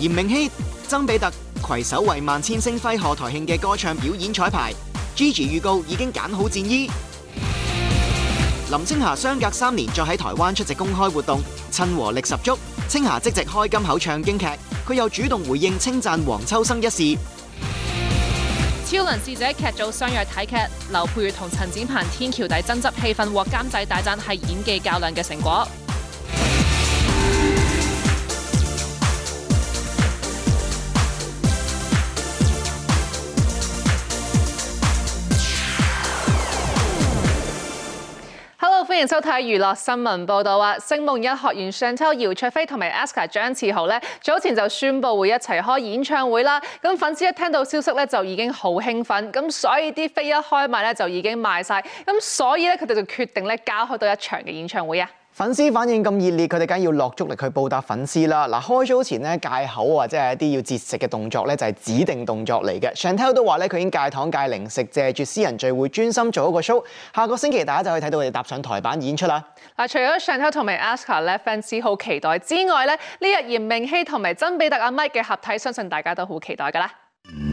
嚴明熙、曾比特攜手為萬千星輝賀台慶嘅歌唱表演彩排。Gigi 預告已經揀好戰衣。林青霞相隔三年再喺台灣出席公開活動，親和力十足。青霞即席開金口唱京劇，佢又主動回應稱讚黃秋生一事。超能智者劇組相約睇劇，劉佩玥同陳展鵬天橋底爭執氣氛獲監製大讚係演技較量嘅成果。歡迎收睇娛樂新聞報道啊，星夢一學員上秋姚焯菲同埋 Aska 張志豪咧，早前就宣佈會一齊開演唱會啦。咁粉絲一聽到消息咧，就已經好興奮，咁所以啲飛一開賣咧，就已經賣晒。咁所以咧，佢哋就決定咧，加開多一場嘅演唱會啊。粉絲反應咁熱烈，佢哋梗要落足力去報答粉絲啦。嗱、啊，開 show 前咧，戒口或者係一啲要節食嘅動作咧，就係指定動作嚟嘅。Chantel 都話咧，佢已經戒糖戒零食，借住私人聚會專心做一個 show。下個星期大家就可以睇到佢哋踏上台版演出啦。嗱、啊，除咗 Chantel 同埋 Aska 咧，粉絲好期待之外咧，呢日嚴明熙同埋珍比特阿 Mike 嘅合體，相信大家都好期待噶啦。嗯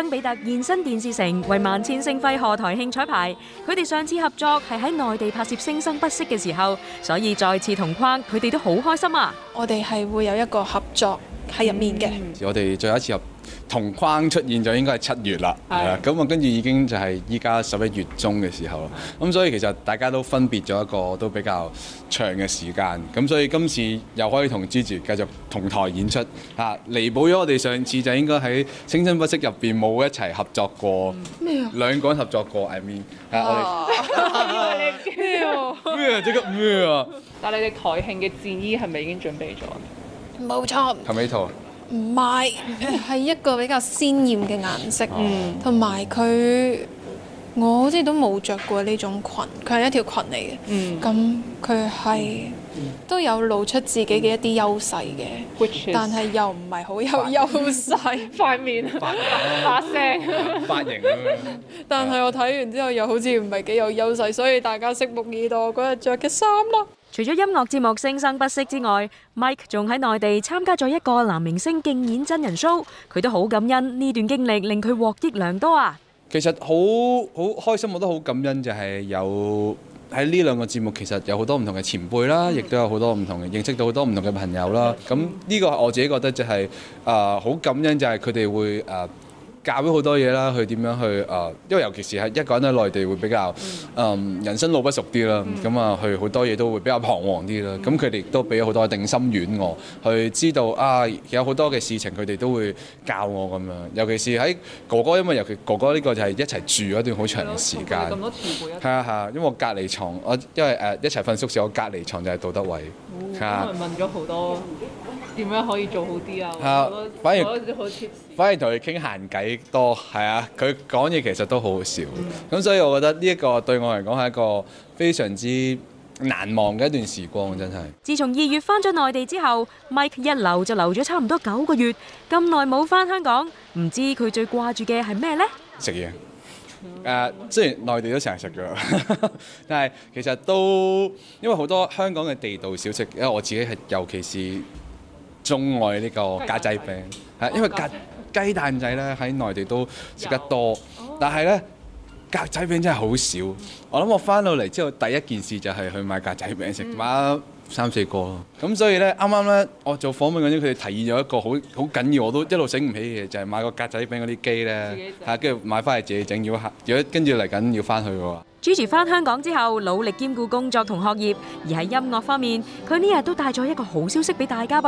曾比特現身電視城，為萬千星輝賀台慶綵排。佢哋上次合作係喺內地拍攝《聲生不息》嘅時候，所以再次同框，佢哋都好開心啊！我哋係會有一個合作喺入面嘅。嗯、我哋最後一次入。同框出現就應該係七月啦，咁的，啊，跟住已經就係依家十一月中嘅時候咯。咁、嗯、所以其實大家都分別咗一個都比較長嘅時間，咁、嗯、所以今次又可以同 Gigi 繼續同台演出嚇、啊，彌補咗我哋上次就應該喺《青春不息》入邊冇一齊合作過。咩啊？兩個人合作過 I mean？係我哋咩啊？即刻咩啊？但係你哋台慶嘅戰衣係咪已經準備咗？冇錯。頭尾圖。錯唔係，係一個比較鮮豔嘅顏色，同埋佢，我好似都冇着過呢種裙，佢係一條裙嚟嘅，咁佢係都有露出自己嘅一啲優勢嘅，is 但係又唔係好有優勢，塊面，發聲，髮型， 但係我睇完之後又好似唔係幾有優勢，所以大家拭目以待我，我嗰日著嘅衫啦。除咗音樂節目《聲生不息》之外，Mike 仲喺內地參加咗一個男明星競演真人 show，佢都好感恩呢段經歷，令佢獲益良多啊！其實好好開心，我都好感恩就，就係有喺呢兩個節目，其實有好多唔同嘅前輩啦，亦都有好多唔同嘅認識到好多唔同嘅朋友啦。咁呢個我自己覺得就係、是、啊，好、呃、感恩就係佢哋會啊。呃教咗好多嘢啦，佢點樣去啊、呃？因為尤其是係一個人喺內地會比較，嗯、呃，人生路不熟啲啦，咁啊、嗯，佢好多嘢都會比較彷徨啲啦。咁佢哋亦都俾咗好多定心丸我，去知道啊，有好多嘅事情佢哋都會教我咁樣。尤其是喺哥哥，因為尤其哥哥呢個就係一齊住一段好長嘅時間。咁多照顧係啊因為我隔離床，我因為誒、呃、一齊瞓宿舍，我隔離床就係杜德偉。係啊、哦，佢的問咗好多點樣可以做好啲啊的？反而好似。反而同佢傾閒偈多，係啊，佢講嘢其實都好好笑。咁所以，我覺得呢一個對我嚟講係一個非常之難忘嘅一段時光，真係。自從二月翻咗內地之後，Mike 一留就留咗差唔多九個月，咁耐冇翻香港，唔知佢最掛住嘅係咩呢？食嘢誒，雖然內地都成日食嘅， 但係其實都因為好多香港嘅地道小食，因為我自己係尤其是鍾愛呢個格仔餅，係蛋因為格。蛋雞蛋仔咧喺內地都食得多，oh. 但係咧格仔餅真係好少。Mm hmm. 我諗我翻到嚟之後第一件事就係去買格仔餅食，mm hmm. 買三四個咯。咁所以咧啱啱咧我做訪問嗰陣，佢哋提議咗一個好好緊要，我都一路醒唔起嘅，就係、是、買個格仔餅嗰啲機咧，嚇跟住買翻嚟自己整、啊，要嚇，如果跟住嚟緊要翻去嘅 Gigi 翻香港之後，努力兼顧工作同學業，而喺音樂方面，佢呢日都帶咗一個好消息俾大家噃。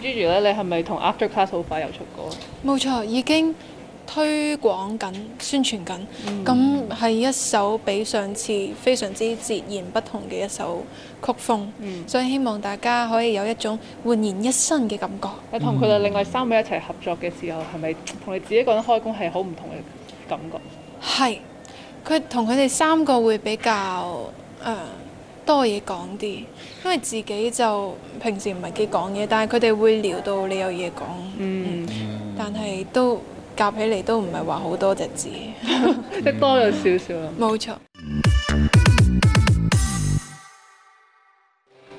咁 Gigi 咧，你係咪同 After Class 好快又出歌？冇錯，已經推廣緊、宣傳緊，咁係、嗯、一首比上次非常之截然不同嘅一首曲風，嗯、所以希望大家可以有一種煥然一新嘅感覺。你同佢哋另外三位一齊合作嘅時候，係咪同你自己個人開工係好唔同嘅感覺？係。佢同佢哋三個會比較誒、呃、多嘢講啲，因為自己就平時唔係幾講嘢，但係佢哋會聊到你有嘢講。嗯，嗯，但係都夾起嚟都唔係話好多隻字，即、嗯、多咗少少啦。冇錯。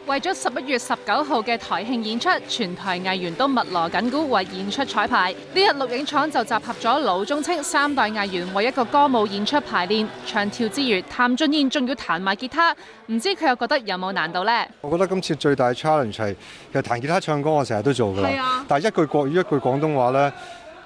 為咗十一月十九號嘅台慶演出，全台藝員都密鑼緊鼓為演出彩排。呢日錄影廠就集合咗老中青三代藝員為一個歌舞演出排練，唱跳之餘，譚俊彥仲要彈埋吉他，唔知佢又覺得有冇難度呢？我覺得今次最大 challenge 係，其實彈吉他唱歌我成日都做㗎，啊、但係一句國語一句廣東話呢。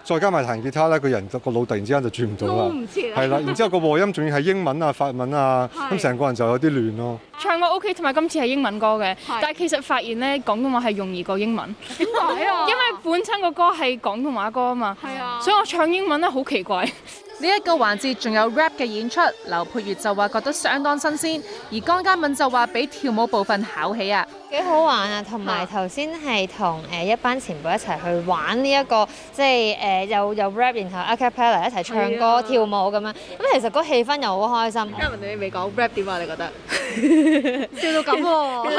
再加埋彈吉他咧，個人個個腦突然之間就轉唔到啦。都啦。係 啦，然之後個和音仲要係英文啊、法文啊，咁成是個人就有啲亂咯。唱得 OK，同埋今次係英文歌嘅，是但係其實發現呢，廣東話係容易過英文。點解啊？因為本身個歌係廣東話歌啊嘛。係 啊。所以我唱英文咧好奇怪。呢 一個環節仲有 rap 嘅演出，劉佩玥就話覺得相當新鮮，而江嘉敏就話俾跳舞部分考起啊。幾好玩啊！同埋頭先係同誒一班前輩一齊去玩呢一個，即係誒又又 rap，然後 a cappella 一齊唱歌跳舞咁樣。咁其實個氣氛又好開心。嘉文你未講 rap 點啊？你覺得？笑到咁喎！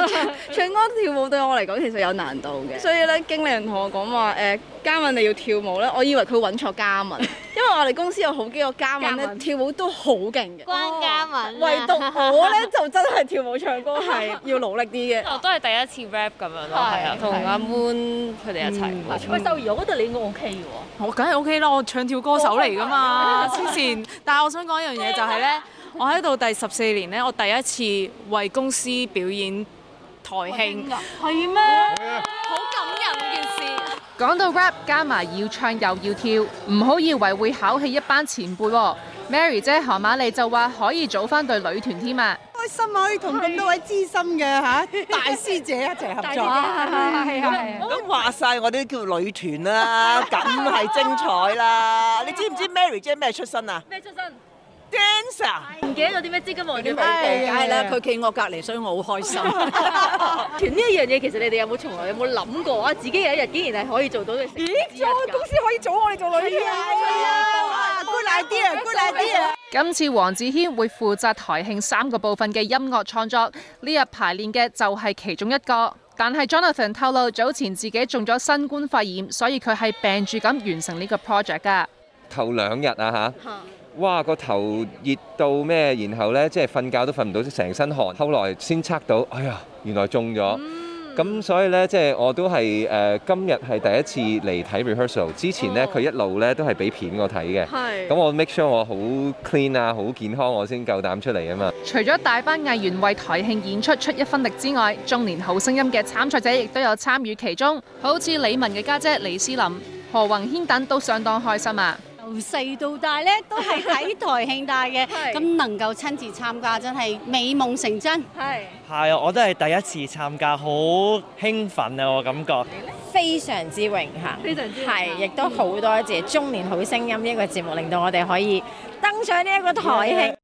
唱歌跳舞對我嚟講其實有難度嘅。所以咧，經理人同我講話誒，嘉文你要跳舞咧，我以為佢揾錯嘉文，因為我哋公司有好幾個嘉文，跳舞都好勁嘅。關嘉文，唯獨我咧就真係跳舞唱歌係要努力啲嘅。就都係。第一次 rap 咁樣咯，係啊，同阿、啊、moon 佢哋一齊。嗯、喂，秀怡、嗯喂，我覺得你應該 OK 喎。我梗係 OK 啦，我唱跳歌手嚟㗎嘛。之前， 但係我想講一樣嘢嗎就係咧，我喺度第十四年咧，我第一次為公司表演台慶。係咩？ 好感人呢件事。講 到 rap 加埋要唱又要跳，唔好以為會考起一班前輩喎。Mary 姐何瑪麗就話可以組翻對女團添啊！開心可以同咁多位資深嘅吓大師姐一齊合作啊！咁話晒我哋叫女團啦，梗係精彩啦！你知唔知 Mary 姐咩出身啊？咩出身？Dancer。唔記得咗啲咩積金我啲名。係啦，佢企我隔籬，所以我好開心。團呢一樣嘢，其實你哋有冇從來有冇諗過啊？自己有一日竟然係可以做到呢件事？咦？咁公司可以組我哋做女團啊？Good idea, good idea. 今次黃子軒會負責台慶三個部分嘅音樂創作，呢日排練嘅就係其中一個。但係 Jonathan 透露早前自己中咗新冠肺炎，所以佢係病住咁完成呢個 project 噶、啊啊。頭兩日啊吓，哇個頭熱到咩，然後呢，即係瞓覺都瞓唔到，成身汗。後來先測到，哎呀，原來中咗。嗯咁所以咧，即係我都係誒、呃、今日係第一次嚟睇 rehearsal。之前咧，佢、哦、一路咧都係俾片我睇嘅。係咁是我 make sure 我好 clean 啊，好健康，我先夠膽出嚟啊嘛。除咗大班藝員為台慶演出出一分力之外，中年好聲音嘅參賽者亦都有參與其中，好似李玟嘅家姐，姐李思琳、何宏軒等都相當開心啊！由細到大咧都係喺台慶大嘅，咁 是能夠親自參加真係美夢成真。係，係，我都係第一次參加，好興奮啊！我感覺呢非常之榮幸，係亦都好多謝，謝《中年好聲音》呢一個節目，令到我哋可以登上呢一個台慶。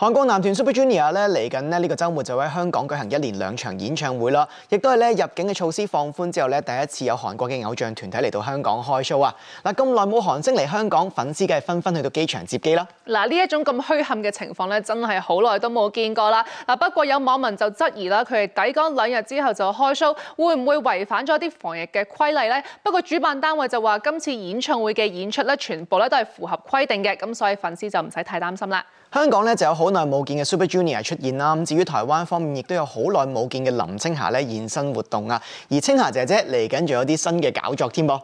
韓國男團 Super Junior 咧嚟緊咧呢個周末就喺香港舉行一連兩場演唱會啦，亦都係咧入境嘅措施放寬之後咧第一次有韓國嘅偶像團體嚟到香港開 show 啊！嗱，咁耐冇韓星嚟香港，粉絲梗係紛紛去到機場接機啦！嗱，呢一種咁墟冚嘅情況咧，真係好耐都冇見過啦！嗱，不過有網民就質疑啦，佢哋抵港兩日之後就開 show，會唔會違反咗啲防疫嘅規例呢？不過主辦單位就話，今次演唱會嘅演出咧，全部咧都係符合規定嘅，咁所以粉絲就唔使太擔心啦。香港咧就有好耐冇見嘅 Super Junior 出現啦，咁至於台灣方面亦都有好耐冇見嘅林青霞咧現身活動啊，而青霞姐姐嚟緊仲有啲新嘅搞作添噃。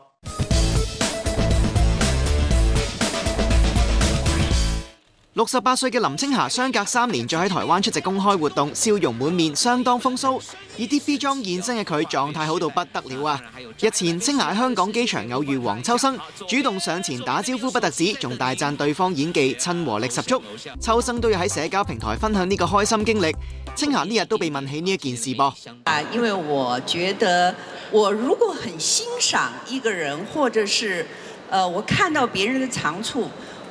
六十八歲嘅林青霞相隔三年再喺台灣出席公開活動，笑容滿面，相當風騷。以啲 B 裝現身嘅佢，狀態好到不得了啊！日前青霞喺香港機場偶遇黃秋生，主動上前打招呼，不特止，仲大讚對方演技親和力十足。秋生都有喺社交平台分享呢個開心經歷。青霞呢日都被問起呢一件事噃。啊，因為我覺得我如果很欣賞一個人，或者是，呃，我看到別人的長處。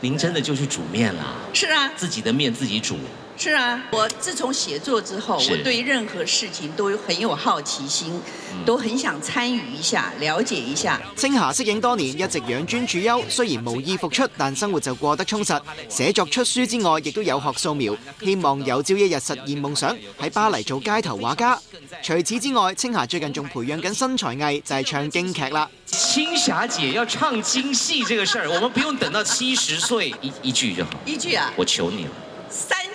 您真的就去煮麵了？是啊，自己的麵自己煮。是啊，我自從寫作之後，我對任何事情都很有好奇心，都很想參與一下、了解一下。青霞息影多年，一直養尊處優，雖然無意復出，但生活就過得充實。寫作出書之外，亦都有學素描，希望有朝一日實現夢想，喺巴黎做街頭畫家。除此之外，青霞最近仲培養緊新才藝，就係、是、唱京劇啦。青霞姐要唱京戲，這個事，我們不用等到七十歲，一一句就好。一句啊？我求你了。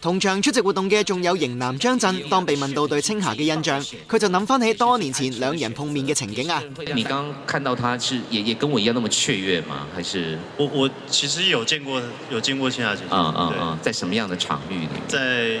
同場出席活動嘅仲有型男張震，當被問到對青霞嘅印象，佢就諗翻起多年前兩人碰面嘅情景啊！你剛看到他是也也跟我一樣那麼雀躍嗎？還是我我其實有見過有見過青霞姐嗯嗯，啊！在什麼樣的場域裏在。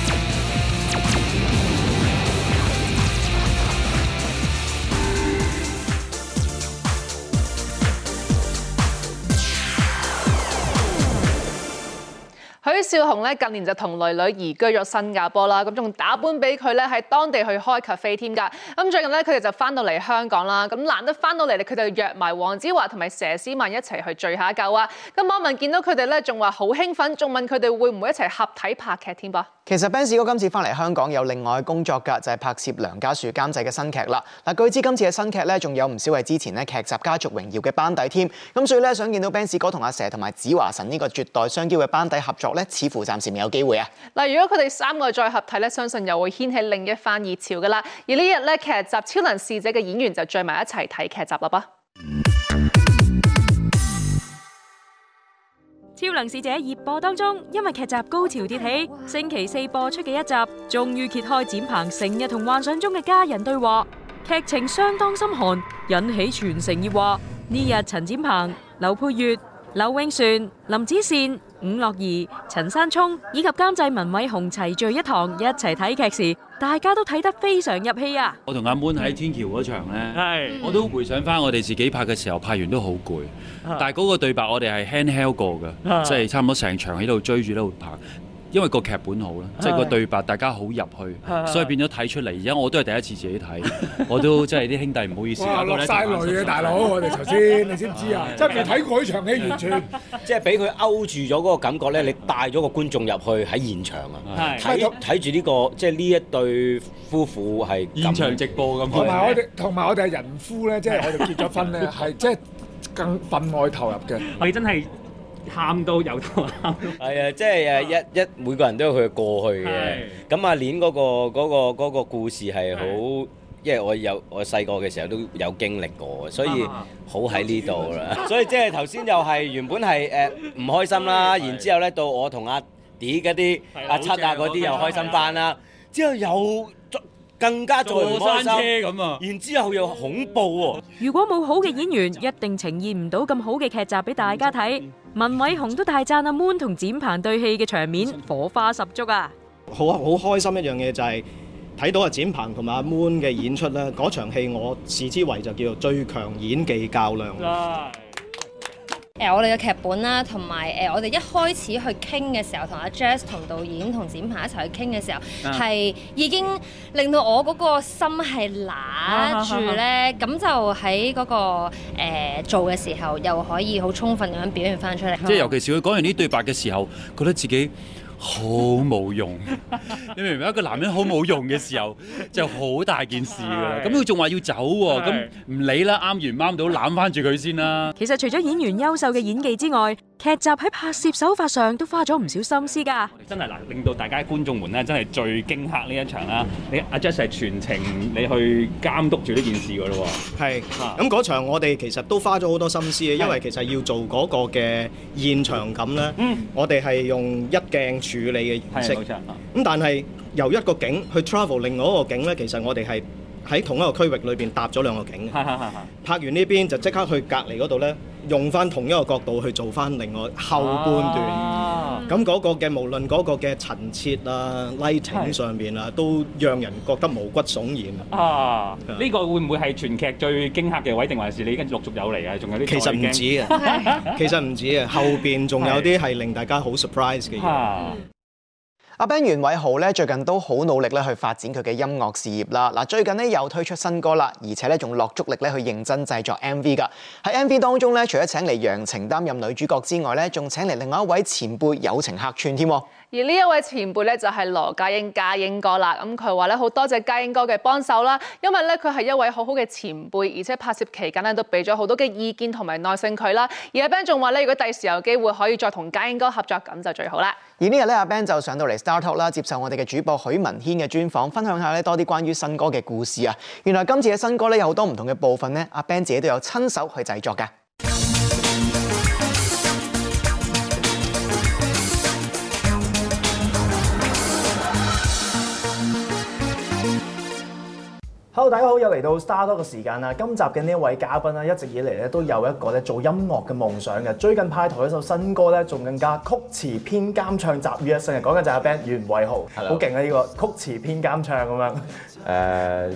許少雄咧，近年就同女女移居咗新加坡啦，咁仲打本俾佢咧，喺當地去開咖啡添噶。咁最近呢，佢哋就翻到嚟香港啦，咁難得翻到嚟，佢哋約埋黃子華同埋佘詩曼一齊去聚下舊啊。咁網民見到佢哋咧，仲話好興奮，仲問佢哋會唔會一齊合體拍劇添噃？其實 Ben 哥今次翻嚟香港有另外工作噶就係拍攝梁家樹監製嘅新劇啦。嗱，據知今次嘅新劇咧，仲有唔少係之前咧劇集家族榮耀嘅班底添。咁所以咧，想見到 Ben 哥同阿佘同埋子華神呢個絕代雙驕嘅班底合作咧。似乎暫時未有機會啊！嗱，如果佢哋三個再合體咧，相信又會掀起另一番熱潮噶啦。而呢日咧劇集《超能使者》嘅演員就聚埋一齊睇劇集啦噃。《超能使者》熱播當中，因為劇集高潮迭起，星期四播出嘅一集，終於揭開展鵬成日同幻想中嘅家人對話，劇情相當心寒，引起全城熱話。呢日陳展鵬、劉佩玥、劉永璇、林子善、伍樂儀、陳山聰以及監製文偉雄齊聚一堂，一齊睇劇時，大家都睇得非常入戲啊！我同阿滿喺天橋嗰場咧，係的我都回想翻我哋自己拍嘅時候，拍完都好攰，的但係嗰個對白我哋係 handheld 過嘅，即係的差唔多成場喺度追住喺度拍。因為個劇本好啦，即係個對白大家好入去，所以變咗睇出嚟。而家我都係第一次自己睇，我都即係啲兄弟唔好意思，落曬淚嘅，大佬。我哋頭先你知唔知啊？真係睇嗰場戲完全，即係俾佢勾住咗嗰個感覺咧，你帶咗個觀眾入去喺現場啊！睇睇住呢個即係呢一對夫婦係現場直播咁，同埋我哋同埋我哋係人夫咧，即係喺度結咗婚咧，係即係更分外投入嘅。我哋真係～喊到有都喊，係啊！即係誒一一每個人都有佢嘅過去嘅。咁啊對，年嗰、嗰個嗰、嗰個嗰個故事係好，對因為我有我細個嘅時候都有經歷過，所以好喺呢度啦。所以即係頭先又係 原本係誒唔開心啦，然後之後咧到我同阿迪嗰啲阿七啊嗰啲又開心翻啦，之後有。更加坐山車咁啊！然之後又恐怖喎。 如果冇好嘅演員， 一定呈現唔到咁好嘅劇集俾大家睇。 文偉雄都大讚阿 Moon 同展鵬對戲嘅場面 火花十足啊！好啊，好開心一樣嘢就係、是、睇到阿展鵬同埋阿 Moon 嘅演出啦。嗰場戲我視之為就叫做最強演技較量啦。 誒、呃、我哋嘅劇本啦，同埋誒我哋一開始去傾嘅時候，同阿 Jess 同導演、同展鵬一齊去傾嘅時候，係、啊、已經令到我嗰個心係攔住咧，咁、啊啊啊、就喺嗰、那個、呃、做嘅時候，又可以好充分咁樣表現翻出嚟。即係尤其是佢講完呢對白嘅時候，覺得自己好冇 冇用， 你明唔明？一個男人好冇用嘅時候，就好大件事噶、啊。咁佢仲話要走喎、啊，咁唔 理啦。啱 完啱到攬翻住佢先啦、啊。其實除咗演員優秀嘅演技之外，劇集喺拍攝手法上都花咗唔少心思㗎，真係嗱，令到大家觀眾們咧，真係最驚嚇呢一場啦。嗯、你阿 Jesse 全程你去監督住呢件事㗎咯喎。係是，咁嗰、啊嗯、場我哋其實都花咗好多心思嘅，是因為其實要做嗰個嘅現場感咧，嗯、我哋係用一鏡處理嘅形式。係，冇錯、咁、啊嗯、但係由一個景去 travel 另外一個景咧，其實我哋係喺同一個區域裏邊搭咗兩個景嘅。係係拍完呢邊就即刻去隔離嗰度咧。用翻同一個角度去做翻另外後半段，咁嗰、啊嗯那個嘅無論嗰個嘅陳設啊、lighting 上面啊，是都讓人覺得毛骨悚然啊！呢是個會唔會係全劇最驚嚇嘅位，定還是你已經陸續有嚟啊？仲有啲其實唔止啊， 其實唔止啊，後邊仲有啲係令大家好 surprise 嘅嘢。啊。阿 Ben 袁偉豪咧最近都好努力咧去發展佢嘅音樂事業啦。嗱，最近咧又推出新歌啦，而且咧仲落足力咧去認真製作 MV 噶。喺 MV 當中咧，除咗請嚟楊晴擔任女主角之外咧，仲請嚟另外一位前輩友情客串添。而呢一位前輩咧就係羅家英家英哥啦，咁佢話咧好多謝家英哥嘅幫手啦，因為咧佢係一位好好嘅前輩，而且拍攝期間咧都俾咗好多嘅意見同埋耐性佢啦。而阿 Ben 仲話咧，如果第時有機會可以再同家英哥合作，咁就最好啦。而呢日咧阿 Ben 就上到嚟 StarTalk 啦，接受我哋嘅主播許文軒嘅專訪，分享下咧多啲關於新歌嘅故事啊。原來今次嘅新歌咧有好多唔同嘅部分咧，阿 Ben 自己都有親手去製作㗎。Hello 大家好，又嚟到 Star Talk 嘅時間啦！今集嘅呢一位嘉賓咧，一直以嚟咧都有一個咧做音樂嘅夢想嘅，最近派台一首新歌咧，仲更加曲詞編監唱集於一身，講緊就係阿 Ben 袁偉豪，好勁 Hello. 啊！呢、呢個曲詞編監唱咁樣，誒、uh。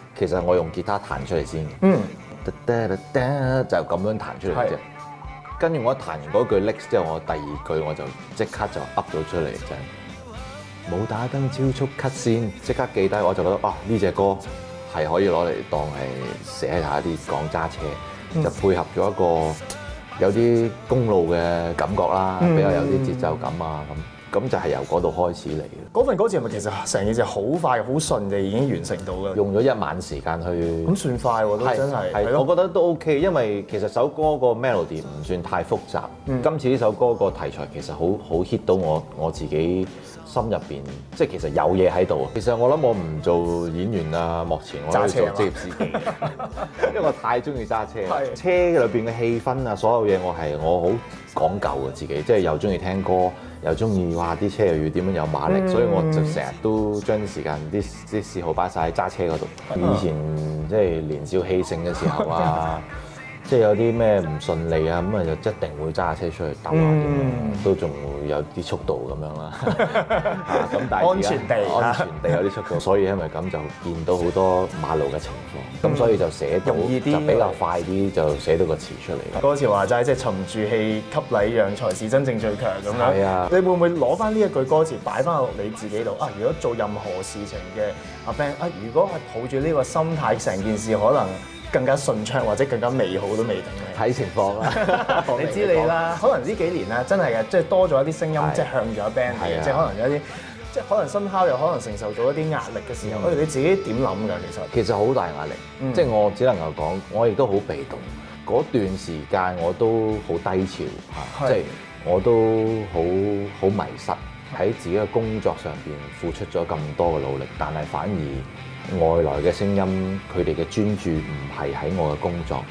其實我用吉他彈出嚟先，嗯，噠噠噠噠就咁樣彈出嚟啫。是跟住我一彈完嗰句 lick 之 後，我第二句我就即刻就噏咗出嚟，真、就是。冇打燈超速 cut 先，即刻記低，我就覺得啊呢隻歌係可以攞嚟當係寫下啲講揸車，嗯、就配合咗一個有啲公路嘅感覺啦，嗯、比較有啲節奏感啊咁。咁就係由嗰度開始嚟嘅。嗰份歌詞係咪其實成件事好快好順嘅，已經完成到嘅。用咗一晚時間去。咁算快喎、啊，都真係。係的我覺得都 OK，因為其實首歌個 melody 唔算太複雜。嗯、今次呢首歌個題材其實好好 hit 到我我自己心入邊，即係其實有嘢喺度。其實我諗我唔做演員啊，目前我係做職業司機，駛 因為我太中意揸車啦。係。車裏邊嘅氣氛啊，所有嘢我係我好講究嘅自己，即係又中意聽歌。又中意哇！啲車又要點樣有馬力，嗯、所以我就成日都將啲時間啲啲嗜好擺晒揸車嗰度。嗯、以前即係年少氣盛嘅時候啊～ 即係有啲咩唔順利啊，咁啊就一定會揸架車出去兜下，嗯、都仲會有啲速度咁樣啦。 但安全地安全地有啲速度。 所以因為咁就見到好多馬路嘅情況，咁、嗯、所以就寫啲，容易就比較快啲，就寫到個詞出嚟。嗰個詞話齋，即係沉住氣、給禮讓，才是真正最強咁樣。係啊，你會唔會攞翻呢一句歌詞擺翻落你自己度啊？如果做任何事情嘅阿 friend 啊，如果係抱住呢個心態，成件事可能，更加順暢或者更加美好都未定，睇情況啦。 你知你啦， 可能呢幾年啊，真係啊，即係多咗一啲聲音，是即係向咗 band，的即係可能有啲，即係可能新烤又可能承受咗一啲壓力嘅時候，咁的你自己點諗㗎？其實其實好大壓力，嗯、即係我只能夠講，我亦都好被動。嗰段時間我都好低潮，即係的我都好好迷失喺自己嘅工作上邊，付出咗咁多嘅努力，但係反而。外來嘅聲音，佢哋嘅專注唔係喺我嘅工作，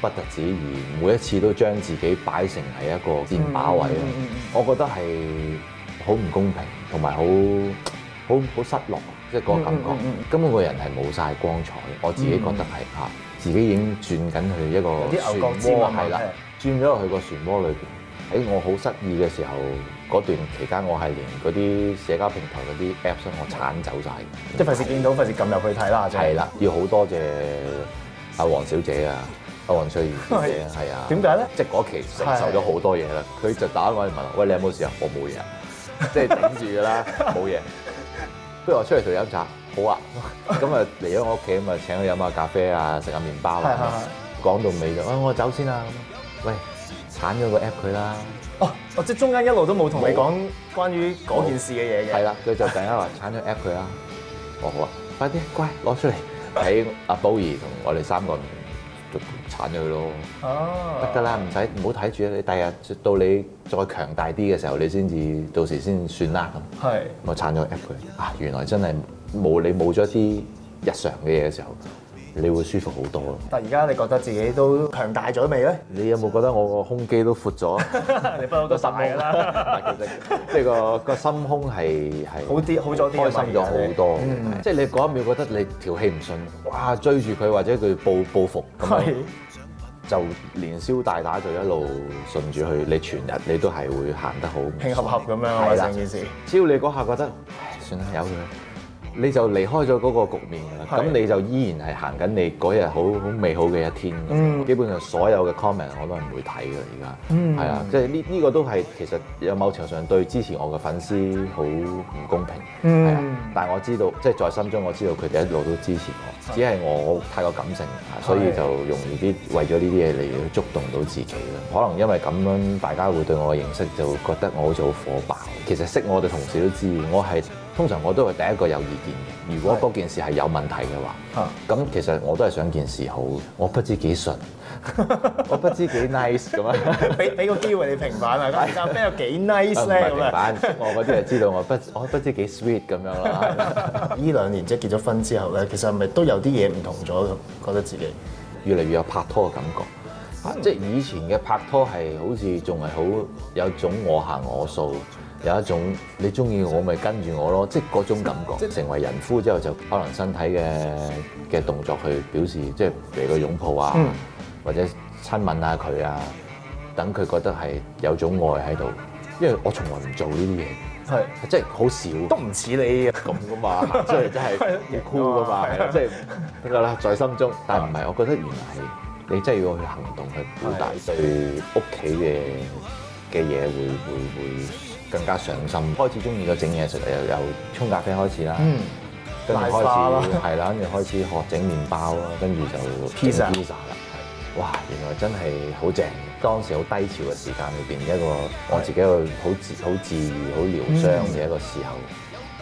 不特止而每一次都將自己擺成係一個箭靶位，嗯嗯嗯嗯、我覺得係好唔公平，同埋好好失落，即、就、係、是、個感覺，嗯嗯嗯、根本個人係冇晒光彩。我自己覺得係嚇，嗯嗯、自己已經轉緊去一個漩渦，係啦，轉咗去個漩渦裏邊。喺了我好失意嘅時候。嗰段期間，我係連嗰啲社交平台嗰啲 Apps 我鏟走晒。即係費事見到，費事撳入去睇啦。係啦，要好多謝阿黃小姐，小姐是 啊，阿黃翠如小姐係啊。點解咧？即係嗰期承受咗好多嘢啦。佢就是的 打我嚟問我：喂，你有冇事啊？我冇嘢，即係頂住㗎啦，冇、就、嘢、是。 不如我出嚟同飲茶，好啊。咁啊嚟咗我屋企，咁啊請佢飲下咖啡啊，食下麵包啊。講到尾就，喂我先走先啦。喂，鏟咗個 App 佢啦。哦，我、哦、即係中間一路都冇同你講關於嗰件事嘅嘢嘅，係啦的，佢 就突然間話鏟咗 app 佢啦。哦好啊，快啲乖攞出嚟睇阿 b o y 同我哋三個就鏟咗佢咯。哦，得㗎啦，唔使唔好睇住啊。你第日到你再強大啲嘅時候，你先至到時先算啦咁。係，是我鏟咗 app 佢啊，原來真係冇你冇咗啲日常嘅嘢嘅時候。你會舒服好多咯。但而家你覺得自己都強大咗未咧？你有冇覺得我個胸肌都闊咗？ 你不嬲都大㗎啦，即、嗰個、嗰個心胸係係好啲，好咗啲，開心咗好多。即係你嗰一秒覺得你條氣唔順，哇追住佢或者佢報報復，咁的就連消帶打就一路順住去。你全日你都係會行得好平合合咁樣係啦。成件事，只要你嗰下覺得，唉，算啦，由佢。你就離開咗嗰個局面㗎啦，咁係啊，你就依然係行緊你嗰日好好美好嘅一天。嗯，基本上所有嘅 comment 我都係唔會睇㗎，而家，嗯，係啊，即係呢呢個都係其實有某程度上對支持我嘅粉絲好唔公平。嗯，係啊，但係我知道，即係在心中我知道佢哋一路都支持我，只係我，我太過感性，所以就容易啲為咗呢啲嘢嚟觸動到自己咯。可能因為咁樣，大家會對我嘅認識就覺得我好似好火爆。其實識我嘅同事都知，我係。通常我都係第一個有意見嘅。如果嗰件事係有問題嘅話，咁的其實我都係想件事好。我不知幾順，我不知幾 nice 咁啊！俾俾個機會你平反，啊，嗰陣邊有幾 nice 咧？平我嗰啲係知道我不我不知幾 sweet 咁樣啦。呢兩年即係結咗婚之後咧，其實係咪都有啲嘢唔同咗？覺得自己越嚟越有拍拖嘅感覺。 即係以前嘅拍拖係好似仲係好有種我行我素。有一種你中意我咪跟住我咯，即係嗰種感覺，即係成為人夫之後就可能身體嘅嘅動作去表示，即係畀個擁抱啊，嗯、或者親吻下、啊、佢啊，等佢覺得係有種愛喺度。因為我從來唔做呢啲嘢，係即係好少都唔似你咁、嗯、噶嘛，所以真係亦酷噶嘛，係即係點講咧，在心中，但唔係我覺得原來係你真係要去行動去表達對屋企嘅嘅嘢，會會會。會更加上心，開始中意個整嘢食，又由沖咖啡開始啦，跟住、嗯、開始係啦，跟住花開始學整麵包啦，跟住 就 pizza pizza 啦。哇！原來真係好正嘅，當時好低潮嘅時間裏邊一個我自己一個好自好治癒好療傷嘅一個時候，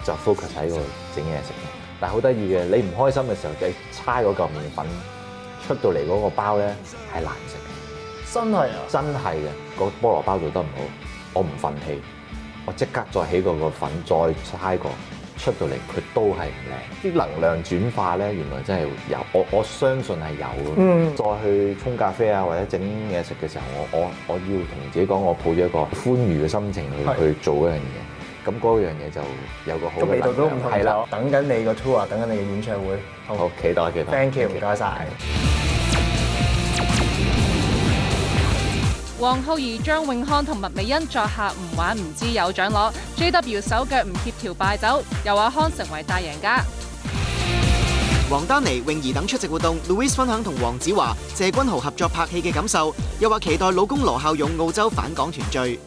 就 focus 喺個整嘢食。但係好得意嘅，你唔開心嘅時候，你差嗰嚿麵粉出到嚟嗰個包咧係難食嘅，真係啊！真係嘅，個菠蘿包做得唔好，我唔憤氣。我即刻再起過個粉，再嘥過出到嚟，佢都係唔靚。啲能量轉化咧，原來真係有，我我相信係有。嗯，再去沖咖啡啊，或者整嘢食嘅時候，我我我要同自己講，我抱咗一個歡愉嘅心情去是去做一樣嘢，咁嗰樣嘢就有個好嘅。個味道都唔同。係啦的，等緊你個 tour，等緊你嘅演唱會。好，好，期待，期待。Thank you，唔該晒。王灝兒、張永康同麥美恩作客，唔玩唔知有獎攞。JW 手腳唔協調敗走，由阿康成為大贏家。王丹妮、泳兒等出席活動，Louise 分享同黃子華、謝君豪合作拍戲嘅感受，又話期待老公羅孝勇澳，澳洲返港團聚。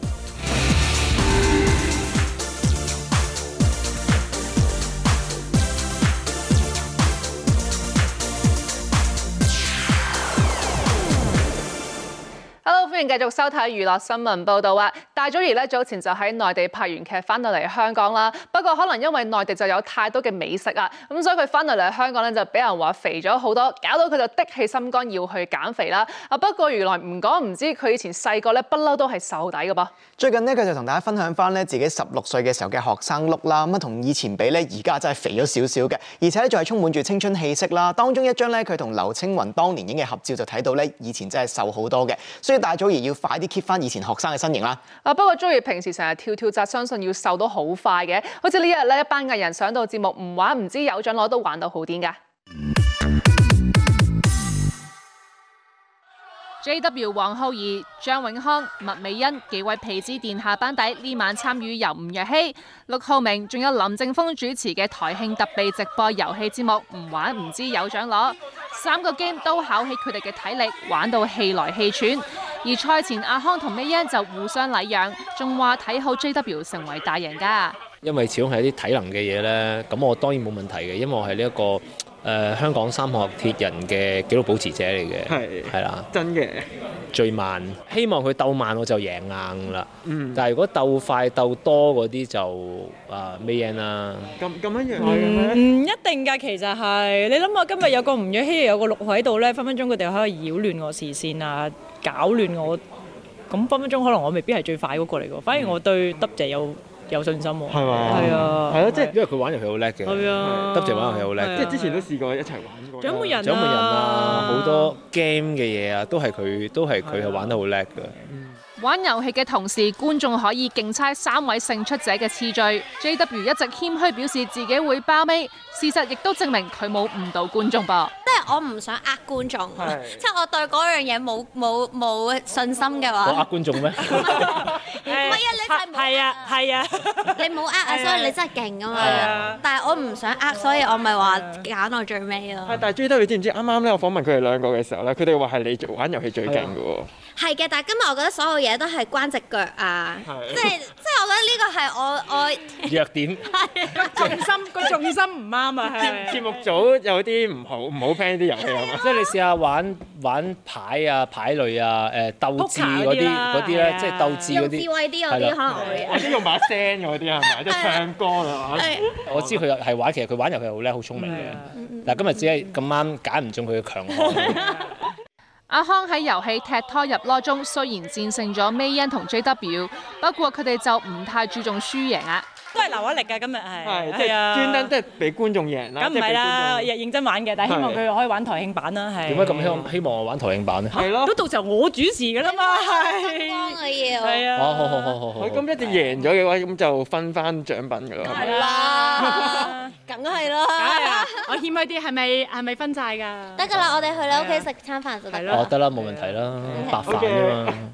繼續收睇娛樂新聞報道啊！戴祖儀咧早前就喺內地拍完劇，翻到嚟香港啦。不過可能因為內地就有太多嘅美食啊，咁所以佢翻到嚟香港咧就俾人話肥咗好多，搞到佢就的起心肝要去減肥啦。啊不過原來唔講唔知，佢以前細個咧不嬲都係瘦底㗎噃。最近呢，佢就同大家分享翻咧自己十六歲嘅時候嘅學生 look 啦，咁啊同以前比咧，而家真係肥咗少少嘅，而且咧仲係充滿住青春氣息啦。當中一張咧佢同劉青雲當年影嘅合照就睇到咧，以前真係瘦好多嘅，所以戴祖。 要快啲 keep 翻以前學生嘅身形啦！啊，不過 Joey 平時成日跳跳紮，相信要瘦到好快嘅，好似呢日咧一班藝人上到節目，唔玩唔知有獎攞都玩到好癲㗎。 J.W. 王浩儀、張永康、麥美恩幾位皮子殿下班底呢晚參與由吳若希、陸浩明，仲有林正峰主持嘅台慶特備直播遊戲節目，唔玩唔知有獎攞，三個 game 都考起佢哋嘅體力，玩到氣來氣喘。而賽前阿康同美恩就互相禮讓，仲話睇好 J.W. 成為大贏家。因為始終係啲體能嘅嘢呢，咁我當然冇問題嘅，因為我係呢一個。誒，香港三項鐵人嘅紀錄保持者嚟嘅，係係啦，真嘅最慢，希望佢鬥慢我就贏硬啦。嗯，但係如果鬥快鬥多嗰啲就啊未贏啦，咁咁一樣係嘅咩？唔一定㗎，其實係你諗下，今日有個吳若希有個陸喺度咧，分分鐘佢哋可以擾亂我視線啊，搞亂我，咁分分鐘可能我未必係最快嗰個嚟㗎，反而我對得就又～有信心喎，係嘛？係啊，係啊，即係因為佢玩遊戲好叻嘅，dotz 玩遊戲好叻，即係之前都試過一齊玩過。獎門人，獎門人啊，好多 game 嘅嘢啊，都係佢，都係佢係玩得好叻嘅。玩遊戲嘅同時，觀眾可以競猜三位勝出者嘅次序。JW 一直謙虛表示自己會包尾。事實亦都證明佢冇誤導觀眾噃，即係我唔想呃觀眾，即係我對嗰樣嘢冇冇冇信心嘅話，我呃觀眾咩？唔係啊，你係唔係啊？係啊，你冇呃，所以你真係勁啊嘛！但係我唔想呃，所以我咪話揀到最尾咯。係，但係注意得你知唔知？啱啱咧，我訪問佢哋兩個嘅時候咧，佢哋話係你玩遊戲最勁㗎喎。係嘅，但係今日我覺得所有嘢都係關隻腳啊，即係即係我覺得呢個係我我弱點，重心個重心唔啱。啱啊！節節目組有啲唔好唔好 plan 啲遊戲啊嘛，即係你試下玩玩牌啊牌類啊誒鬥智嗰啲啲咧，即係鬥智嗰啲，用智慧啲可能會。我先用把聲嗰啲係咪？即係唱歌係嘛？我知佢係玩，其實佢玩遊戲好叻，好聰明嘅。嗱，今日只係咁啱揀唔中佢嘅強項。阿康喺遊戲踢拖入囉中，雖然戰勝咗 Mayin 同 JW，不過佢哋就唔太注重輸贏啊。都係留一力㗎，今日係，係啊，專登即係俾觀眾贏啦。咁唔係啦，認真玩嘅，但係希望佢可以玩台慶版啦，係。點解咁希希望我玩台慶版咧？係咯。咁到時候我主持㗎啦嘛，係。幫嘅嘢我。係啊。好好好好好好。咁即係贏咗嘅話，咁就分翻獎品噶啦。係啦，梗係啦。我欠一啲，係咪係咪分晒噶？得噶啦，我哋去你屋企食餐飯就得。係咯。得啦，冇問題啦，白飯啫嘛。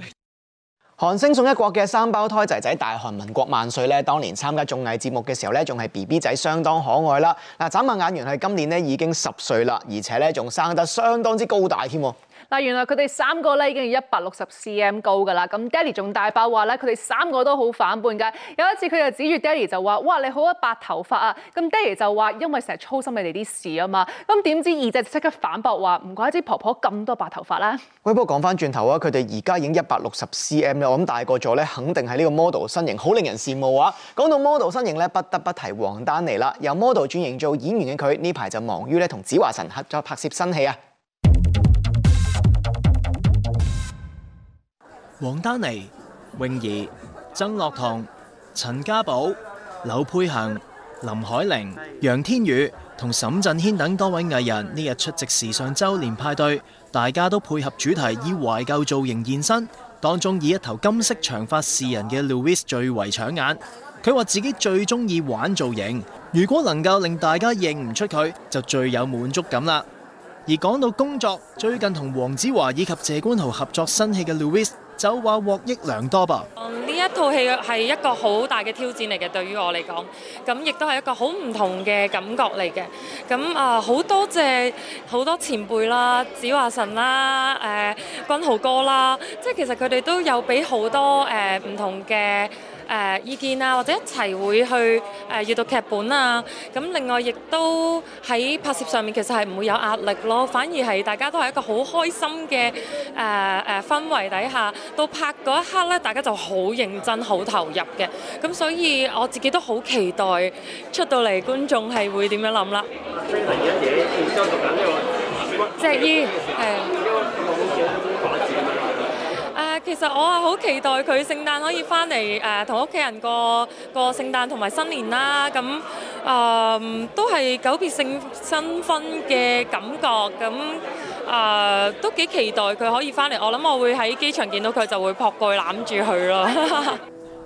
韓星宋一國嘅三胞胎仔仔，大韓民國萬歲咧！當年參加綜藝節目嘅時候咧，仲係 B B 仔，相當可愛啦。眨下眼，原係今年已經十歲啦，而且咧仲生得相當之高大添。嗱，原來佢哋三個咧已經要一百六十 cm 高噶啦，咁爹哋仲大爆話咧，佢哋三個都好反叛噶。有一次佢就指住爹哋就話：哇，你好多白頭髮啊！咁爹哋就話：因為成日操心你哋啲事啊嘛。咁點知二仔就即刻反駁話：唔怪之婆婆咁多白頭髮啦。喂，不過講翻轉頭啊，佢哋而家已經一百六十 cm 啦，我諗大個咗咧，肯定係呢個 model 身形好令人羨慕啊。講到 model 身形咧，不得不提黃丹妮啦。由 model 轉型做演員嘅佢，呢排就忙於咧同子華神合作拍攝新戲啊。王丹妮、泳兒、曾樂彤、陳家寶、柳佩衡、林海玲、楊天宇同沈震軒等多位藝人呢日出席時尚周年派對，大家都配合主題以懷舊造型現身，當中以一頭金色長髮示人嘅 Louis 最為搶眼。佢話自己最中意玩造型，如果能夠令大家認唔出佢，就最有滿足感啦。而講到工作，最近同黃子華以及謝君豪合作新戲嘅 Louis。就話獲益良多吧。嗯，呢一套戲係一個好大嘅挑戰嚟嘅，對於我嚟講，咁亦都係一個好唔同嘅感覺嚟嘅。咁啊，呃、好多謝好多前輩啦，子華神啦，誒、呃，君豪哥啦，即係其實佢哋都有俾好多誒、呃、唔同嘅。誒、uh, 意見啊，或者一齊會去誒閲、uh, 讀劇本啊。咁另外亦都喺拍攝上面，其實係唔會有壓力咯，反而係大家都係一個好開心嘅誒誒氛圍底下。到拍嗰一刻咧，大家就好認真、好投入嘅。咁、嗯、所以我自己都好期待出到嚟，觀眾係會點樣諗啦。 以其實我啊好期待佢聖誕可以翻嚟誒，同屋企人過過聖誕同埋新年啦。咁啊，都係久別勝新婚嘅感覺。咁啊，都幾期待佢可以翻嚟。我諗我會喺機場見到佢就會撲過攬住佢咯。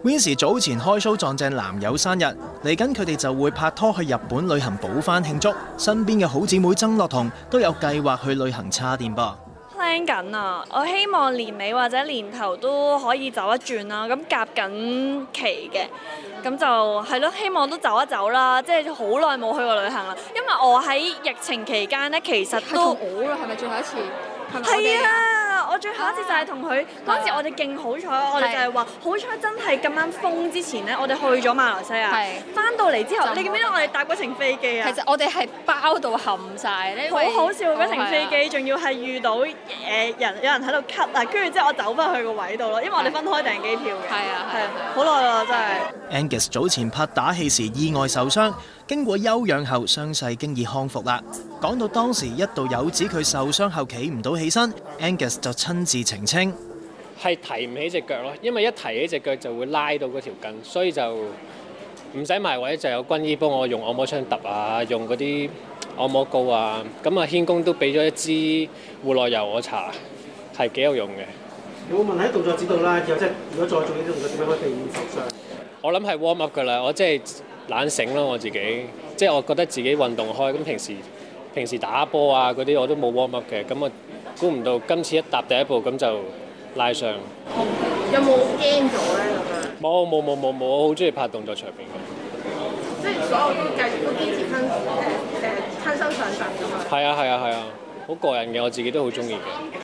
Winsy 早前開 show 撞正男友生日，嚟緊佢哋就會拍拖去日本旅行補翻慶祝。身邊嘅好姊妹曾樂彤都有計劃去旅行叉電，差點噃。聽緊啊！我希望年尾或者年頭都可以走一轉、啊、夾啦。咁夾緊期嘅，咁就係咯，希望都走一走啦。即係好耐冇去過旅行啦。因為我喺疫情期間呢，其實都好同我咯，係咪最後一次？係啊。我最後一次就係同佢嗰時我，我哋勁是的 好彩，我哋就係話好彩真係咁啱封之前咧，我哋去咗馬來西亞，翻到嚟之後，你記唔記得我哋搭嗰程飛機啊？其實我哋係包到冚曬，好好笑嗰程飛機，仲要係遇到誒、呃、人有人喺度咳啊，跟住之後我走翻去個位度咯，因為我哋分開訂機票，係啊，係，好耐咯真係。Angus 早前拍打戲時意外受傷。經過休養後，傷勢經已康復啦。講到當時一度有指佢受傷後企唔到起身，Angus 就親自澄清：係提唔起隻腳咯，因為一提起隻腳就會拉到嗰條筋，所以就唔使埋位，就有軍醫幫我用按摩槍揼啊，用嗰啲按摩膏啊。咁、嗯、啊，軒公都俾咗一支護內油我搽，係幾有用嘅。有冇問題？度作指導啦，又即係如果再做，呢度，點樣可以避免受傷。我諗係 warm up 㗎啦，我即係。懶醒咯我自己，即係我覺得自己運動開，咁平時平時打波啊嗰啲我都冇 warm up 嘅，咁啊估唔到今次一踏第一步咁就拉傷，嗯、有冇驚咗咧？咁樣？冇冇冇冇冇，我好中意拍動作場面嘅。即係所有都繼續都堅持親親親身上陣嘅嘛？係啊係啊係啊，好、啊啊啊啊、個人嘅我自己都好中意嘅。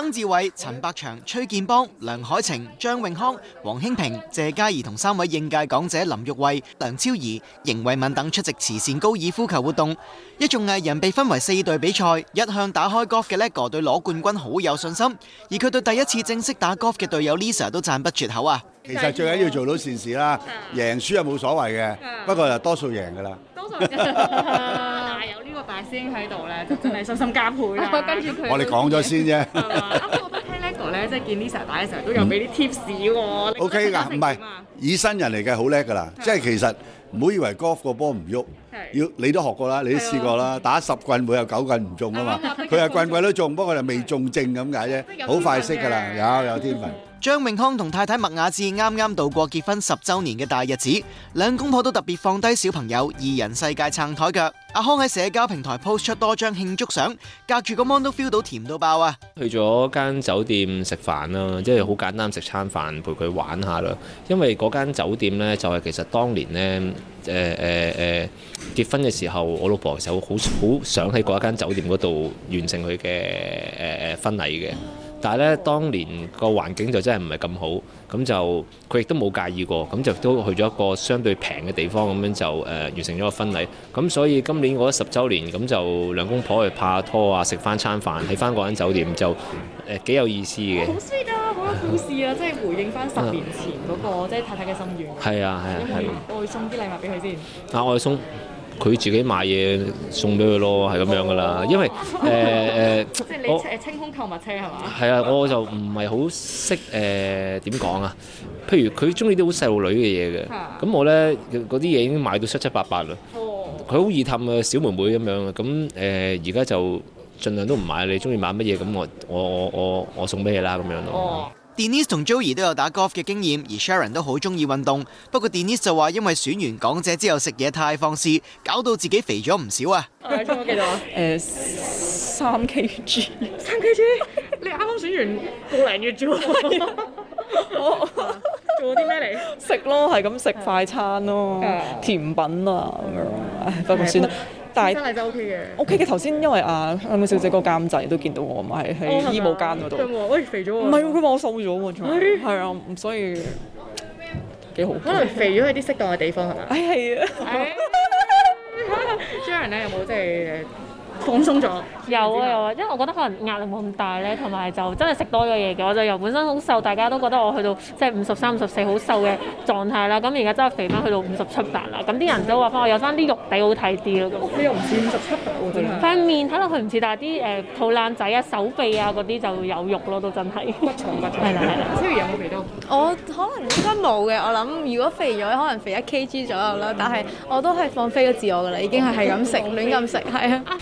曾志偉、陳百祥、崔建邦、梁海晴、張永康、黃興平、謝嘉怡同三位應屆港姐林玉慧、梁超儀、邢偉敏等出席慈善高爾夫球活動。一眾藝人被分為四隊比賽，一向打開 Golf 嘅叻哥對攞冠軍好有信心，而佢對第一次正式打 Golf 嘅隊友 Lisa 都讚不絕口啊！其實最緊要做到善事啦，贏輸啊冇所謂嘅，不過就多數贏噶啦，多數真係，但係有呢個大師兄喺度咧，係信心加倍啊，跟住佢。我哋講咗先啫，不過我都聽呢個咧，即係見 Lisa 打嘅時候，都有俾啲 tips 喎。O K 噶，唔係，以新人嚟嘅好叻噶啦，即係其實唔好以為 Golf 個波唔喐，要你都學過啦，你都試過啦，打十棍會有九棍唔中吖嘛，佢係棍棍都中，不過就未中正咁解啫，好快識噶啦，有有天分。張穎康同太太麥雅緻啱啱度過結婚十周年嘅大日子，兩公婆都特別放低小朋友，二人世界撐台腳。阿康喺社交平台 post 出多張慶祝相，隔住個 mon 都 feel 到甜到爆啊！去咗間酒店食飯啦，即係好簡單食餐飯陪佢玩下啦。因為嗰間酒店呢，就係、是、其實當年呢，誒誒誒結婚嘅時候，我老婆其實好好想喺嗰一間酒店嗰度完成佢嘅誒誒婚禮嘅。但係咧，當年個環境就真係唔係咁好，咁就佢亦都冇介意過，咁就都去咗一個相對平嘅地方，咁樣就誒、呃、完成咗個婚禮。咁所以今年嗰十週年，咁就兩公婆去拍拖啊，食翻餐飯喺翻嗰間酒店，就誒幾、呃、有意思嘅、哦。好甜蜜啊！好有故事啊，即係、啊、回應翻十年前嗰、那個即係、啊、太太嘅心願。係啊係啊係啊！我送啲禮物俾佢先。啊，我送。佢自己買嘢送俾佢咯，係咁樣噶啦，因為誒，即係你清空購物車係嘛？係啊，我就唔係好識誒點講啊。譬如佢中意啲好細路女嘅嘢嘅，咁 我咧嗰啲嘢已經買到七七八八啦。佢好 易氹啊，小妹妹咁樣啊。咁誒而家就盡量都唔買，你中意買乜嘢咁我我我我我送俾你啦咁樣咯。 Dennis 同 Joey 都有打 golf 嘅經驗，而 Sharon 都好中意運動。不過 Dennis 就話，因為選完港姐之後食嘢太放肆，搞到自己肥咗唔少啊！誒，聽我記到啊，誒，三 kg，三 kg，你啱啱選完個零月啫。 我做啲咩嚟？食 咯，係咁食快餐咯， 甜品啊咁 樣。唉，不過算啦。但係真係就 O K 嘅。O K 嘅。頭先因為啊阿美小姐個監製都見到我阿媽喺喺衣帽間嗰度。佢話、哦：，哎、啊欸，肥咗喎、啊。唔係、啊，佢話我瘦咗喎。錯。係、欸、啊，所以幾好。可能肥咗喺啲適當嘅地方係咪？哎，係 啊。哈、 啊！哈、就是！哈！哈！張咧有冇即係誒？放鬆咗，有啊有啊，因為我覺得可能壓力冇咁大咧，同埋就真係食多咗嘢嘅，我就由本身好瘦，大家都覺得我去到即係五十三、五十四好瘦嘅狀態啦。咁而家真係肥翻去到五十七突啦。咁啲人都話翻我有翻啲肉地好睇啲咯。咁你又唔似五十七突喎，佢啊。塊面睇落去唔似，但係啲誒肚腩仔啊、手臂啊嗰啲就有肉咯，都真係。不長，不長。係啦係啦。雖然有冇肥都。我可能應該冇嘅，我諗如果肥咗，可能肥一 K G 左右啦。嗯、但係我都係放飛咗自我㗎啦，已經係係咁食，亂咁食，係啊。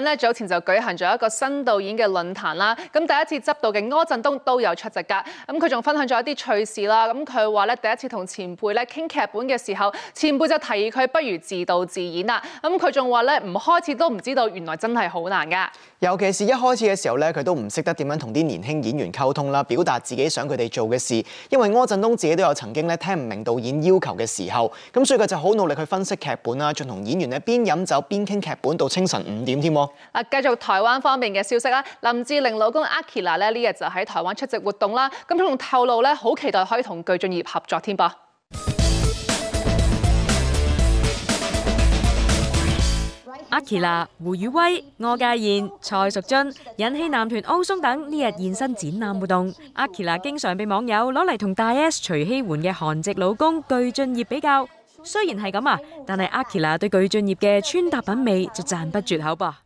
呢早前就舉行咗一個新導演嘅論壇啦，咁第一次執導嘅柯震東都有出席㗎。咁佢仲分享咗一啲趣事啦。咁佢話咧，第一次同前輩咧傾劇本嘅時候，前輩就提議佢不如自導自演啦。咁佢仲話咧，唔開始都唔知道原來真係好難㗎。尤其是一開始嘅時候咧，佢都唔識得點樣同啲年輕演員溝通啦，表達自己想佢哋做嘅事。因為柯震東自己都有曾經咧聽唔明導演要求嘅時候，咁所以佢就好努力去分析劇本啦，仲同演員咧邊飲酒邊傾劇本到清晨五點添。嗱，繼續台灣方面嘅消息啦。林志玲老公 AKIRA 咧呢日就喺台灣出席活動啦。咁仲透露呢，好期待可以同具俊曄合作添噃。AKIRA、胡宇威、柯佳嬿、蔡淑臻、人氣男團歐松等呢日現身展覽活動。AKIRA 經常被網友攞嚟同大 S 徐熙媛嘅韓籍老公具俊曄比較。雖然係咁啊，但係 AKIRA 對具俊曄嘅穿搭品味就讚不絕口噃。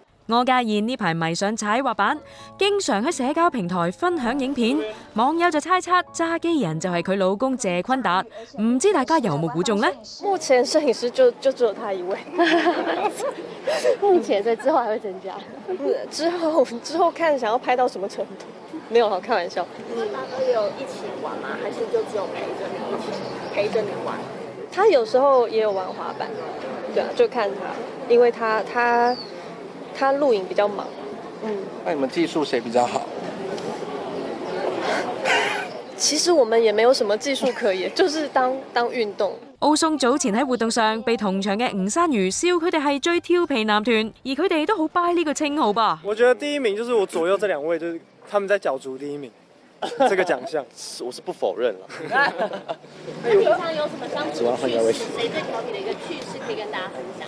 我家燕呢排迷上踩滑板，經常喺社交平台分享影片，網友就猜測揸機人就係佢老公謝坤達，唔知大家有冇估中呢？目前攝影師就就只有他一位， 目前在之後還會增加，之 之後之後看想要拍到什麼程度。 沒有啊，我開玩笑。佢有一起玩嘛？還是就只有陪着你陪着你玩？他有時候也有玩滑板，嗯、對啊，就看他，因為他他。他錄影比較忙，嗯。那、啊、你們技術誰比較好？ 其實我們也沒有什麼技術可以，就是當當運動。敖松早前喺活動上被同場嘅吳山魚笑，佢哋係最調皮男團，而佢哋都好擺呢個稱號吧。我覺得第一名就是我左右這兩位，就是他們在角逐第一名，這個獎項我是不否認了。平常有什麼相處趣事？誰最調皮的一個趣事可以跟大家分享？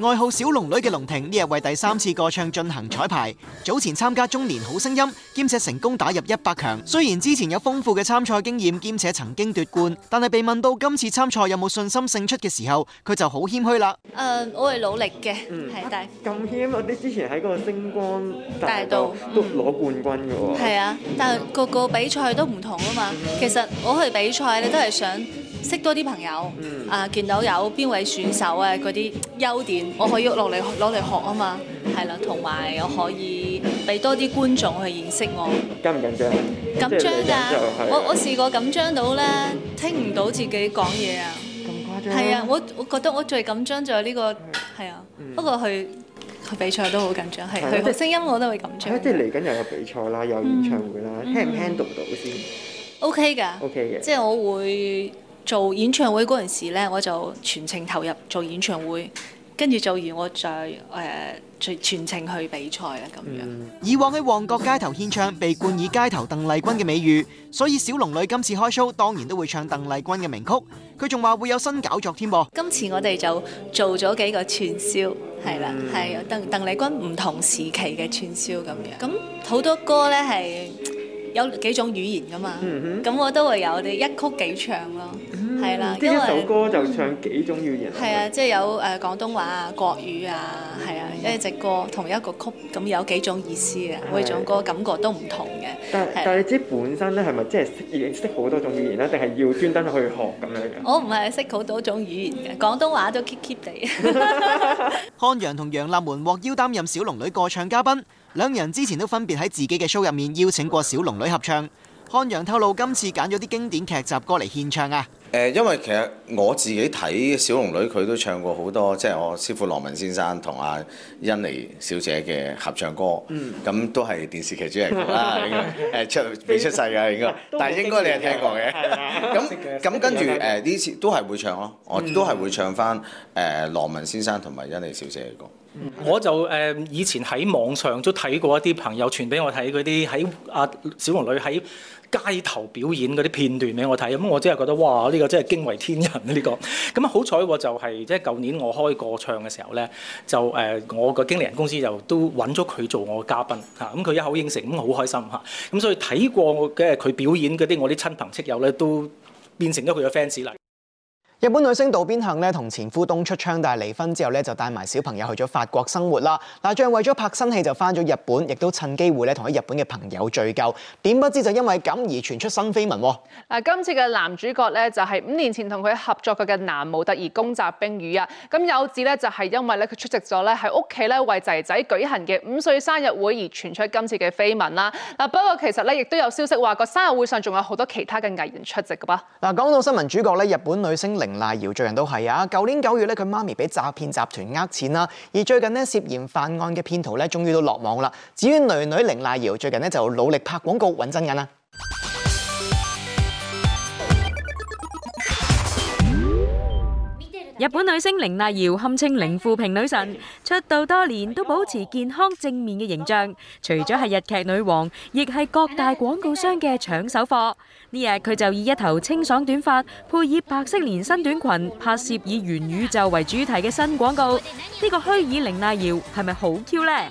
外號小龍女嘅龍婷呢日為第三次歌唱進行彩排，早前參加中年好聲音，兼且成功打入一百強。雖然之前有豐富嘅參賽經驗，兼且曾經奪冠，但係被問到今次參賽有冇信心勝出嘅時候，佢就好謙虛啦。誒，我係努力嘅，係但咁謙，我哋之前喺嗰個星光大道都攞冠軍嘅喎。係啊，但係個個比賽都唔同啊嘛。其實我去比賽咧都係想。識多啲朋友，啊見到有邊位選手啊嗰啲優點，我可以喐落嚟攞嚟學啊嘛，係啦，同埋我可以俾多啲觀眾去認識我。緊唔緊張？緊張㗎！我我試過緊張到咧，聽唔到自己講嘢啊！咁誇張？係啊，我我覺得我最緊張就係呢個係啊。不過佢佢比賽都好緊張，係佢嘅聲音我都會緊張。即係嚟緊又有比賽啦，有演唱會啦，聽唔聽到到先？OK 㗎。OK 嘅，即係我會。做演唱會嗰陣時咧，我就全程投入做演唱會，跟住做完我再誒、呃、全程去比賽咧咁樣。嗯、以往喺旺角街頭獻唱，被冠以街頭鄧麗君嘅美譽，所以小龍女今次開 show 當然都會唱鄧麗君嘅名曲。佢仲話會有新搞作添噃。嗯、今次我哋就做咗幾個串燒，係啦，係鄧鄧麗君唔同時期嘅串燒咁樣。咁好多歌呢係有幾種語言噶嘛，咁、嗯、哼我都會有我哋一曲幾唱咯。係啦，即一首歌就唱幾種語言啊。係啊，即係有誒、呃、廣東話啊、國語啊，係啊，一隻歌同一個曲咁有幾種意思啊，啊每種歌感覺都唔同嘅。但、啊、但係你知本身咧係咪即係已識好多種語言咧，定係要專登去學咁樣嘅？我唔係識好多種語言嘅，廣東話都 keep keep 地。漢陽同楊立門獲邀擔任《小龍女》個唱嘉賓，兩人之前都分別喺自己嘅 show 入面邀請過《小龍女》合唱。漢陽透露今次揀咗啲經典劇集歌嚟獻唱啊！誒，因為其實我自己睇《小龍女》，佢都唱過好多，即係我師傅羅文先生同阿甄妮小姐嘅合唱歌，咁、嗯、都係電視劇主題曲啦。誒，出未出世嘅應該，應該 但係應該你係聽過嘅。咁咁跟住誒，呢次都係會唱咯，我都係會唱翻誒羅文先生同埋甄妮小姐嘅歌。我就誒以前喺網上都睇過一啲朋友傳俾我睇嗰啲喺阿小龍女喺街頭表演啲片段俾我睇，咁我真係覺得哇！呢、這個真係驚為天人啊！呢、這個，咁、嗯、啊好彩我就係即係舊年我開過唱嘅時候咧，就誒、呃、我個經理人公司就都揾咗佢做我嘅嘉賓吓，咁、啊、佢、嗯、一口應承，咁、嗯、好開心吓，咁、啊嗯、所以睇過嘅佢表演啲，我啲親朋戚友咧都變成咗佢嘅 fans 啦。日本女星渡邊杏咧同前夫東出昌大離婚之後呢，就帶埋小朋友去咗法國生活啦。嗱，正為咗拍新戲就翻咗日本，亦都趁機會咧同喺日本嘅朋友敘舊。點不知就因為咁而傳出新緋聞，啊。嗱，今次嘅男主角呢，就係、是、五年前同佢合作過嘅男模特兒公澤冰雨。啊。咁有指呢，就係、是、因為咧佢出席咗咧喺屋企咧為仔仔舉行嘅五歲生日會而傳出今次嘅緋聞啦。嗱，不過其實呢，亦都有消息話，那個生日會上仲有好多其他嘅藝人出席噶噃。嗱，講到新聞主角呢，日本女星零。綾瀨遙，最近都係啊！舊年九月咧，佢媽咪俾詐騙集團呃錢啦、啊，而最近涉嫌犯案嘅騙徒咧，終於都落網啦。至於女女，綾瀨遙，最近就努力拍廣告揾真人啊！日本女星綾瀨遙堪稱零負評女神，出道多年都保持健康正面嘅形象。除咗係日劇女王，亦係各大廣告商嘅搶手貨。呢日佢就以一頭清爽短髮，配以白色連身短裙拍攝以元宇宙為主題嘅新廣告。呢、這個虛擬綾瀨遙係咪好 Q 呢？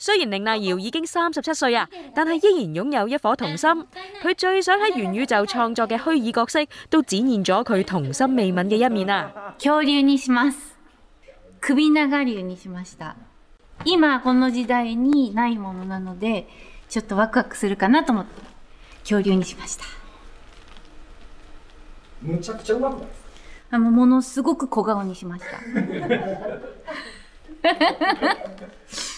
雖然凌娜瑤已經三十七歲啊，但係依然擁有一顆童心。佢最想喺元宇宙創作嘅虛擬角色，都展現咗佢童心未泯嘅一面啊！恐龍呢？是嗎？首長龍呢？是嗎？現在這個時代沒有的，有點緊張，所以選擇了恐龍。非常成功。我將它畫得很小。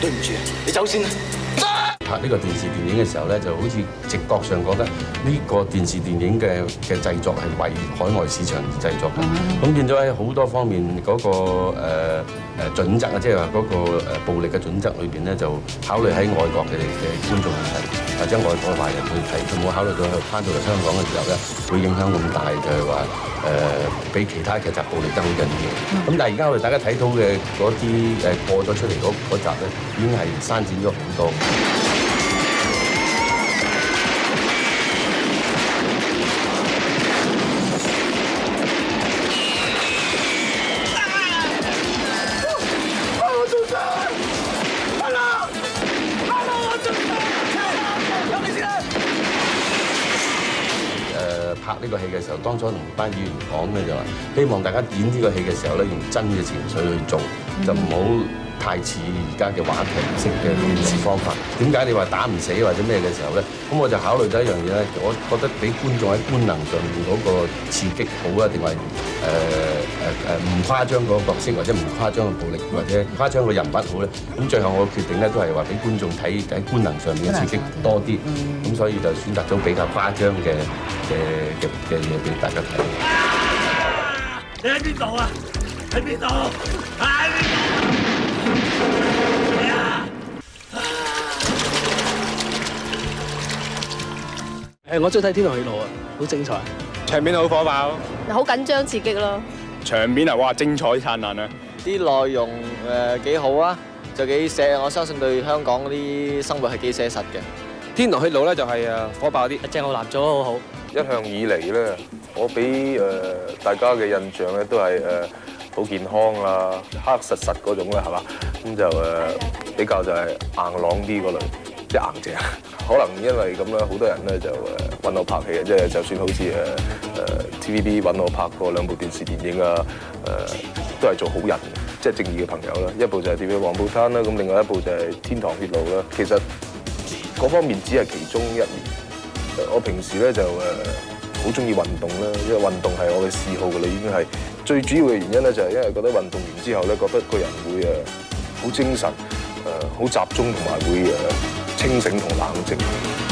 對唔住，你走先啦。拍 呢樂、這個電視電影嘅時候咧，就好似直覺上覺得呢個電視電影嘅嘅製作係為海外市場而製作嘅，咁變咗喺好多方面嗰、那個誒誒、呃、準則啊，即係話嗰個誒暴力嘅準則裏邊咧，就考慮喺外國嘅嘅觀眾問題。或者外國華人去睇，佢冇考慮到佢翻到嚟香港嘅時候咧，會影響咁大，就係話誒，比其他劇集暴力得好緊要。咁但係而家我哋大家睇到嘅嗰啲誒過咗出嚟嗰集咧，已經係刪剪咗好多。我同班議員講咧，就話，希望大家演呢個戲嘅時候咧，用真嘅情緒去做，嗯、就唔好。太似而家嘅話劇式嘅電視方法，點解你話打唔死或者咩嘅時候咧？咁我就考慮到一樣嘢咧，我覺得俾觀眾喺官能上面嗰個刺激好啊，定係誒誒誒唔誇張嗰個角色，或者唔誇張嘅暴力，或者唔誇張嘅人物好咧？咁最後我決定咧都係話俾觀眾睇喺官能上面嘅刺激多啲，咁、嗯、所以就選擇咗比較誇張嘅嘅嘅嘅嘢俾大家。睇、啊。你喺邊度啊？喺邊度？喺。誒，我鍾意睇《天堂之路》啊，好精彩，場面好火爆，好緊張刺激咯。場面啊，哇，精彩燦爛啊！啲內容誒幾好啊，就幾寫，我相信對香港嗰啲生活係幾寫實嘅。《天堂之路》咧就係誒火爆啲，鄭浩南做得好好。一向以嚟咧，我俾誒大家嘅印象咧都係誒好健康啊，黑實實嗰種啦，係嘛？咁就誒比較就係硬朗啲嗰類。即係硬正，可能因為咁樣，好多人咧就誒揾我拍戲啊，即係就算好似誒誒 TVB 揾我拍過兩部電視電影啊，誒都係做好人，即係正義嘅朋友啦。一部就係 TVB《黃埔灘》啦，咁另外一部就係《天堂血路》啦。其實嗰方面只係其中一面。我平時咧就誒好中意運動啦，因為運動係我嘅嗜好噶啦，已經係最主要嘅原因咧，就係因為覺得運動完之後咧，覺得個人會誒好精神，誒好集中同埋會誒。清醒和冷靜。